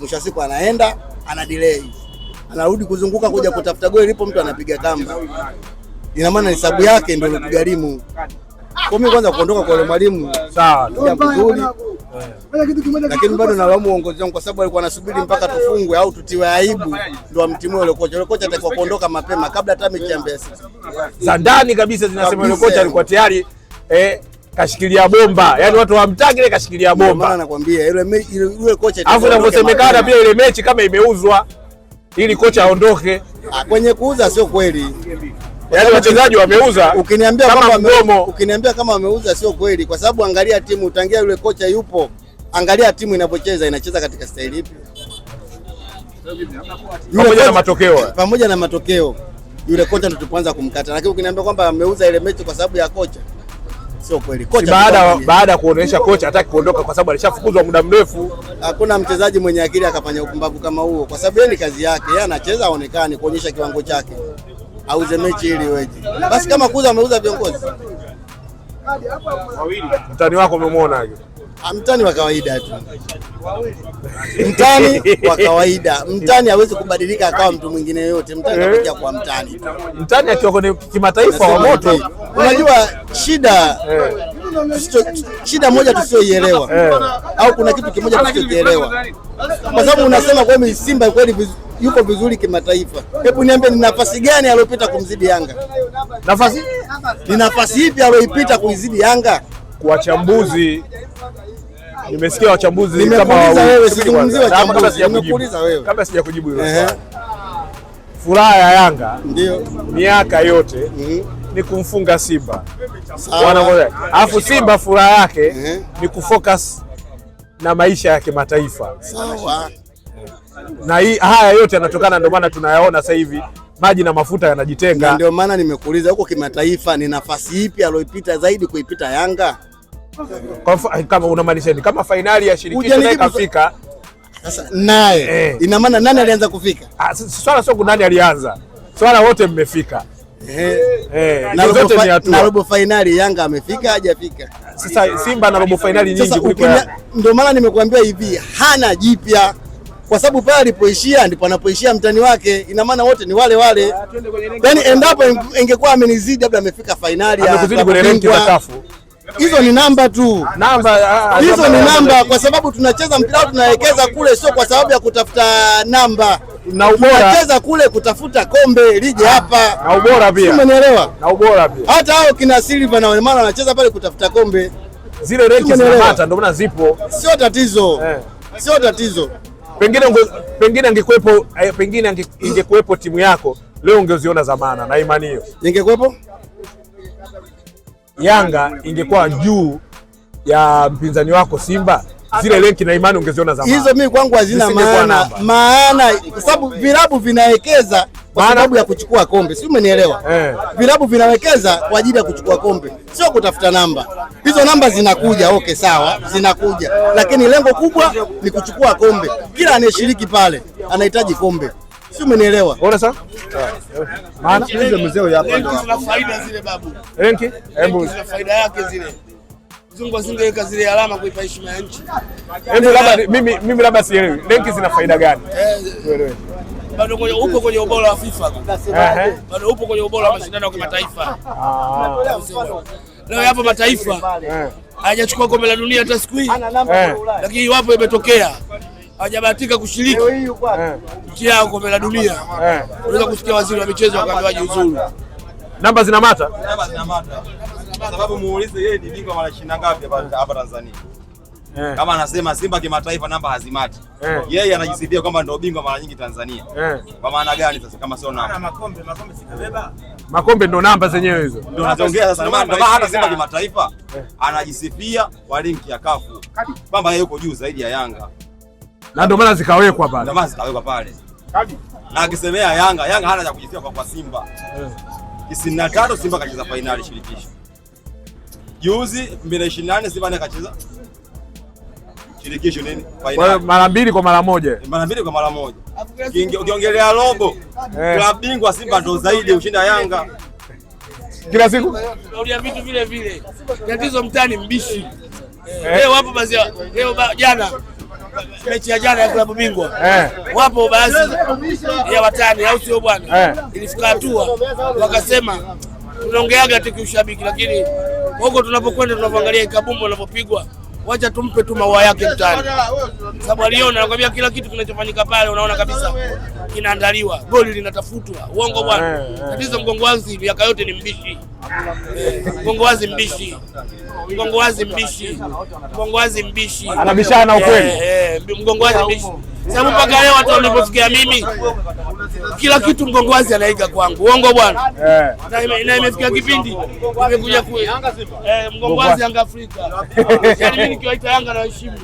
mwisho wa siku anaenda ana delay, anarudi kuzunguka kuja kutafuta goli, lipo mtu anapiga kamba, ina maana hesabu yake ndio nikugarimu Kwa mimi kwanza kuondoka kwa yule mwalimu sawa, jambo zuri, lakini bado nalaumu uongozi wangu kwa sababu alikuwa anasubiri mpaka tufungwe au tutiwe aibu ndio amtimue yule kocha. Yule kocha atakuwa kuondoka mapema kabla hata mechi ya Mbeya Za ndani kabisa zinasema yule kocha alikuwa tayari eh kashikilia bomba, yani, watu wa hawamtaki ile kashikilia bomba. Nakwambia ile ile kocha, alafu inavyosemekana pia ile mechi kama imeuzwa ili kocha aondoke. Ah, kwenye kuuza sio kweli, yani wachezaji wameuza. Ukiniambia kama mgomo, ukiniambia kama wameuza sio kweli, kwa sababu angalia timu utangia yule kocha yupo, angalia timu inapocheza inacheza katika staili ipi, pamoja na matokeo, pamoja na matokeo, yule kocha ndio tupoanza kumkata, lakini ukiniambia kwamba ameuza ile mechi kwa sababu ya kocha sio kweli. Kocha baada baada ya kuonesha kocha hataki kuondoka kwa sababu alishafukuzwa muda mrefu. Hakuna mchezaji mwenye akili akafanya upumbavu kama huo, kwa sababu yeye ni kazi yake, yeye anacheza aonekane, kuonyesha kiwango chake, auze mechi ili weje. Basi kama kuuza ameuza viongozi. Mtani wako umemwona hiyo Ah, mtani wa kawaida tu, mtani wa kawaida. Mtani hawezi kubadilika akawa mtu mwingine yoyote. Mtani eh. anakuja kwa mtani, mtani akiwa kwenye kimataifa wa moto. Unajua shida shida moja tusioielewa eh. au kuna kitu kimoja tusichokielewa kwa sababu unasema kwa mimi Simba kweli yuko vizuri kimataifa. Hebu niambie, ni nafasi gani aliyopita kumzidi Yanga? Nafasi ni nafasi ipi aliyoipita kuizidi Yanga? wachambuzi nimesikia wachambuzi kama wewe, kabla sija kujibu hilo swali, furaha ya Yanga ndio miaka yote mhm. ni kumfunga Simba, alafu Simba furaha yake ni kufocus na maisha ya kimataifa, sawa na hii, haya yote yanatokana, ndio maana tunayaona sasa hivi maji na mafuta yanajitenga. Ndio maana nimekuuliza huko kimataifa ni nafasi ipi aloipita zaidi kuipita Yanga? Kama unamaanisha ni kama fainali ya shirikisho ikafika sasa naye eh, ina maana nani eh. alianza kufika? Ah, swala sio nani alianza, swala wote mmefika. Eh, eh, na robo fainali, na robo fainali Yanga amefika hajafika? Sasa Simba na robo fainali nyingi kuliko. Ndio maana nimekuambia hivi hana jipya kwa sababu pale alipoishia ndipo anapoishia mtani wake, ina maana wote ni wale wale. Yani endapo ingekuwa amenizidi labda amefika fainali hizo ni namba tu, ah, ah, hizo ni namba, kwa sababu tunacheza mpira tunawekeza kule, sio kwa sababu ya kutafuta namba na ubora. Tunacheza kule kutafuta kombe lije ah, hapa na ubora pia, umeelewa? Na ubora pia, hata hao kina Silva na Wemana wanacheza pale kutafuta kombe, zile ranki zinapata, ndio maana zipo, sio tatizo eh, sio tatizo pengine unge, pengine angekuepo eh, pengine ingekuepo timu yako leo ungeziona zamana na imani hiyo ingekuepo Yanga ingekuwa juu ya mpinzani wako Simba zile lenki na imani ungeziona zamana. Hizo mimi kwangu hazina maana, maana kwa sababu vilabu vinawekeza kwa sababu ya kuchukua kombe, si umenielewa? Eh, Vilabu vinawekeza kwa ajili ya kuchukua kombe, sio kutafuta namba. Hizo namba zinakuja, okay, sawa, zinakuja, lakini lengo kubwa ni kuchukua kombe. Kila anayeshiriki pale anahitaji kombe, si umenielewa? Bora sana maana hizo mzee hapa ndio faida zile, babu renki, hebu faida yake zile zingeweka zile alama kuipa heshima ya nchi. Hebu labda mimi mimi labda sielewi renki zina faida gani? Eh, bado kwenye upo kwenye ubora wa FIFA, bado upo kwenye ubora wa mashindano ya kimataifa. Ah. Leo yapo mataifa hajachukua kombe la dunia hata siku hii, eh. lakini wapo imetokea hajabahatika kushiriki eh. nchi yao kombe la dunia, eh. unaweza kusikia waziri wa michezo akaambiwa jiuzuru. Namba zinamata, namba zinamata, sababu muulize yeye ni bingwa mara 20 ngapi hapa Tanzania yeah. Kama anasema Simba kimataifa namba hazimati yeah. Yeye anajisifia kwamba ndio bingwa mara nyingi Tanzania yeah. Kwa maana gani sasa kama sio namba makombe makombe sikabeba makombe ndo namba zenyewe hizo ndio anaongea sasa, na maana hata Simba kimataifa yeah. Anajisifia kwa linki ya kafu kwamba yeye yuko juu zaidi ya Yanga na ndio maana zikawekwa pale, ndio maana zikawekwa pale na akisemea Yanga, Yanga hana cha kujisifia kwa, kwa Simba yeah. Tisini na tatu Simba kacheza fainali shirikisho juzi 2024 Simba naye kacheza shirikisho nini? Kwa mara mbili kwa mara moja, eh, mara mbili kwa mara moja. Ukiongelea robo klabu eh. bingwa Simba ndo zaidi ushinda Yanga kila siku, naulia vitu vile vile. Tatizo mtani mbishi eh. leo wapo basi, leo jana mechi ya jana ya klabu bingwa eh, wapo basi ya watani, au sio bwana eh? Ilifika hatua wakasema tunaongeaga tikiushabiki lakini huko tunapokwenda tunapoangalia ikabumba unavyopigwa wacha tumpe tu maua yake mtani sababu aliona, nakwambia kila kitu kinachofanyika pale unaona kabisa kinaandaliwa, goli linatafutwa. Uongo bwana, eh, eh. tatizo mgongo wazi miaka yote ni mbishi, eh, mgongo wazi mbishi, mgongo wazi mbishi, mgongo wazi mbishi, anabishana ukweli, mgongo wazi mbishi sababu mpaka leo hata ulipofikia mimi kila kitu wazi anaiga kwangu, uongo bwana eh. Na imefikia kipindi nimekuja ku eh, wazi Yanga Afrika Yani mimi nikiwaita Yanga naheshimu,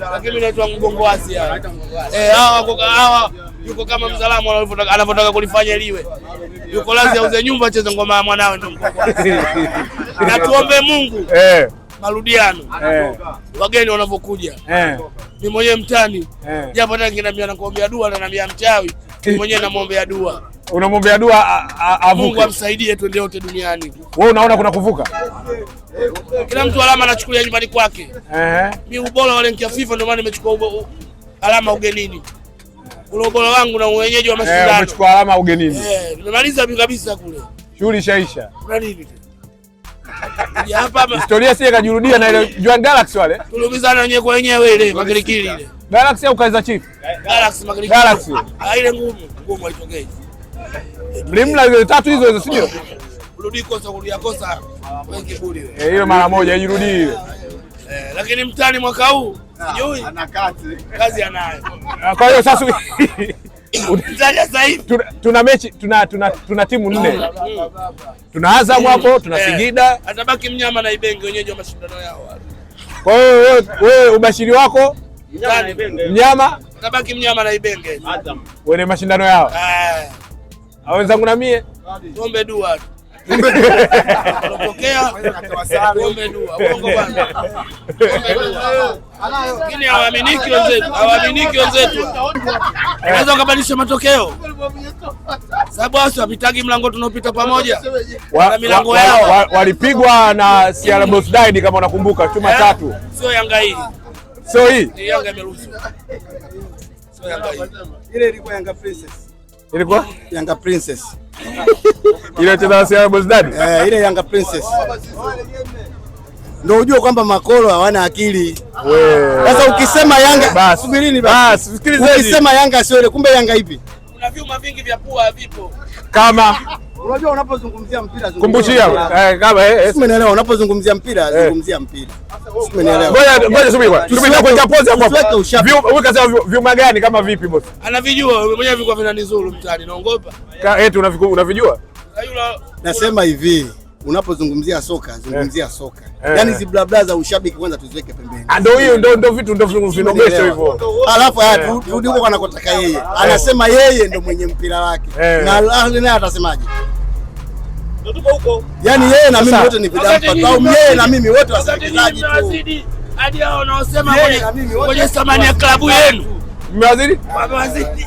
lakini mimi naitwa Mkongwazi eh, hawa yuko kama mzalamu anavyotaka kulifanya liwe, yuko lazi auze nyumba acheze ngoma ya mwanawe, ndio na tuombe Mungu eh, marudiano eh. wageni wanavyokuja eh ni mwenye mtani eh. japo hata nginambia nakuombea dua na nambia mchawi mwenyewe namwombea dua. Unamwombea dua avuke, Mungu amsaidie twende wote duniani. Wewe unaona kuna kuvuka, kila mtu alama anachukulia nyumbani kwake. Mimi ubora wale nkia FIFA, ndio maana nimechukua alama ugenini, ule ubora wangu na uwenyeji wa eh, mashindano. Umechukua alama ugenini, eh, nimemaliza kabisa kule, shughuli shaisha na nini Historia si ikajirudia na ile Juan Galaxy wale. Tulumizana wenyewe kwa wenyewe ile makilikili ile. Galaxy au Kaizer Chief? Galaxy makilikili. Galaxy. Ah, ile ngumu, ngumu haitokei. Mlimla hizo tatu hizo hizo, si ndio? Kurudi kosa kurudia kosa wengi kuli wewe. Eh, hiyo mara moja haijirudii ile. Eh, lakini mtani mwaka huu sijui ah, ana kazi. Kazi anayo. Ah, kwa hiyo sasa tuna mechi tuna, tuna, tuna timu nne mm. tuna Azam mm. hapo tuna eh. Singida atabaki mnyama na Ibenge wenyeji wa mashindano yao. Kwa hiyo wewe ubashiri wako mnyama atabaki mnyama na Ibenge wenye mashindano yao eh. wenzangu na mie tuombe dua Lakini hawaaminiki wenzetu, hawaaminiki wenzetu. Unaweza kubadilisha matokeo. Sababu hasa wapitagi mlango tunaopita pamoja. Na milango yao walipigwa na Sierra kama unakumbuka chuma eh, tatu. Sio Yanga hii. Sio hii. Yanga imeruhusu. Sio Yanga hii. Ile ilikuwa Yanga Princess. Ilikuwa Yanga Princess. Ile cheza na Sierra Bosdide? Eh, ile Yanga Princess ndio ujue kwamba makolo hawana akili. Sasa ukisema Yanga subirini basi, sikilizeni. Ukisema Yanga sio ile, kumbe Yanga ipi? Kuna vyuma vingi vya pua vipo. Kama unajua unapozungumzia mpira kumbushia, eh, kama eh, eh. umeelewa, unapozungumzia mpira eh. zungumzia mpira. Umeelewa? Ngoja ngoja, subiri kwa tumekuja kuingia pause hapo. Wewe kasema vyuma gani kama vipi boss? Anavijua mwenyewe, viko vinanizuru mtani, naogopa. Eh, unavijua unavijua? Nasema hivi unapozungumzia soka zungumzia yeah. soka yeah. Yani hizi bla bla za ushabiki kwanza tuziweke pembeni, ah, ndio hiyo ndio ndio vitu ndio vinogesho hivyo. Alafu haya eh. turudi huko anakotaka yeye, eh. anasema yeye ndio mwenye mpira wake eh. Na Ahly naye atasemaje? Ndio Tuko huko yani yeye na mimi wote ni vidamu, au yeye na mimi wote wasikilizaji tu, hadi hao wanaosema kwenye samani ya klabu yenu mmewazidi, mmewazidi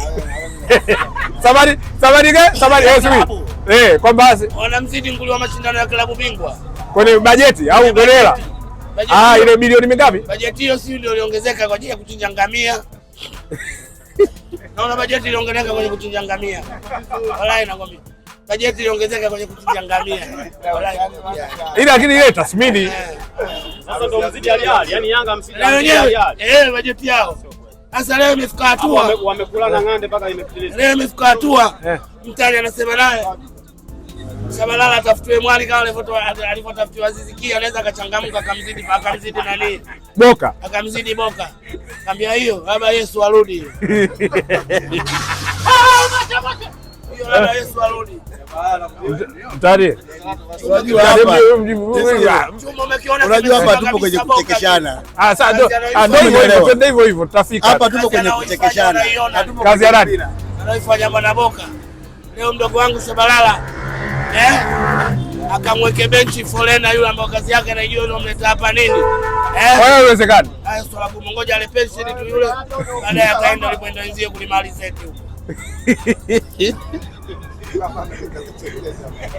samani samani gani samani eh, kwamba wanamzidi nguli wa mashindano ya klabu bingwa kwenye bajeti au kwenye hela. Ah, ile bilioni mingapi? Bajeti hiyo si ndio iliongezeka kwa ajili ya kuchinja ngamia. Naona bajeti iliongezeka kwenye kuchinja ngamia. Wallahi nakwambia. Bajeti iliongezeka kwenye kuchinja ngamia. Walai. Ila lakini ile tathmini eh. sasa ndio mzidi hali, yani Yanga msidi hali. Eh, bajeti yao. Sasa leo imefika hatua. Wamekula na ng'ande mpaka imepitiliza. Leo imefika hatua. Eh. Mtani anasema naye Shabalala atafutiwe mwali kama alivyotafutiwa Azizi Ki, anaweza akachangamka akamzidi akamzidi nani? Boka. Akamzidi Boka. kambia hiyo, labda Yesu arudi ah, ah, hivyo hivyo Hapa tupo kwenye kuchekeshana. Kazi ya nani? Anaifanya bwana Boka. Leo mdogo wangu Shabalala eh? Akamweke benchi forena yule ambao kazi yake anajua ndio mleta hapa nini? Eh? Kwa hiyo haiwezekani. Haya eh, swala kumongoja ile pension tu yule baada ya kaenda alipoenda nzie kulimaliza tu.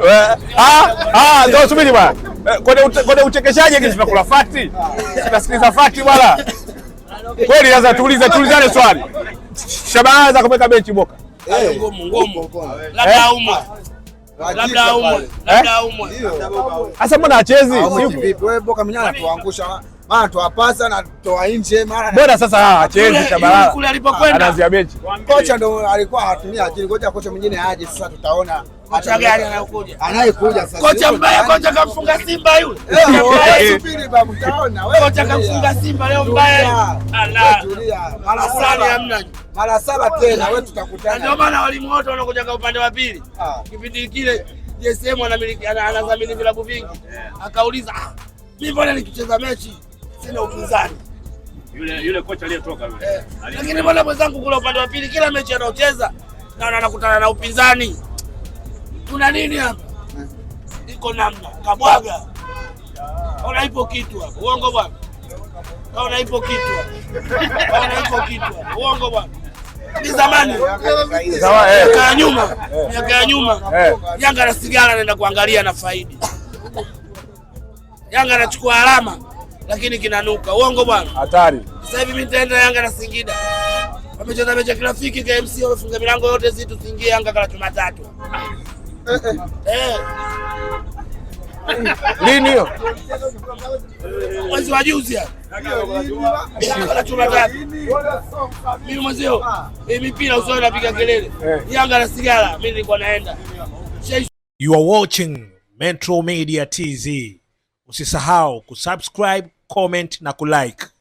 Eh, ah, ah, ndio subiri bwana. Eh, Kode uchekeshaje hivi tunakula fati? Tunasikiliza fati bwana. Kweli lazima tuulize tuulizane swali. Shabaza kumweka benchi Boka. Ngomo ngomo. Labda umwe. Labda umwe. Sasa eh? mbona achezi? Wewe Boka Minyana tuangusha mara ah, tuwapasa na toa nje mara bora. Sasa acheze Shabalala kule alipokwenda anaanzia mechi, kocha ndo alikuwa hatumia akili. Kocha kocha mwingine aje, sasa tutaona kocha gani anayokuja, anayekuja sasa. Kocha mbaya, kocha kamfunga Simba yule. Eh, Subiri babu, utaona wewe. Kocha kamfunga Simba leo mbaya, mara saba hamna, mara saba tena. Wewe tutakutana, ndio maana walimu wote wanakuja kwa upande wa pili. Ah. Kipindi kile JSM anamiliki anadhamini vilabu vingi, ah. akauliza mimi mbona nikicheza mechi sina upinzani. Yule yule kocha aliyetoka yule. Eh. Lakini bwana mwenzangu kule upande wa pili kila mechi anaocheza na anakutana na upinzani. Tuna nini hapa? Eh. Iko namna. Kabwaga. Ona ipo kitu hapa. Uongo bwana. Ona ipo kitu hapa. Ona ipo kitu Uongo bwana. Ni zamani. Eh. Miaka ya nyuma. Eh. Miaka ya nyuma. Yanga na sigara naenda kuangalia na faidi. Yanga anachukua alama lakini kinanuka. Uongo bwana, hatari. Sasa hivi mimi nitaenda Yanga na Singida, wamecheza mechi ya kirafiki KMC, wamefunga milango yote, sisi tusiingie Yanga kala Jumatatu. Eh, lini hiyo? Mwezi wa juzi kala Jumatatu. Mimi mwezio mipira usoni napiga kelele eh. Yanga na sigara, mimi nilikuwa naenda. You are watching Metro Media TV. Usisahau kusubscribe, comment na kulike.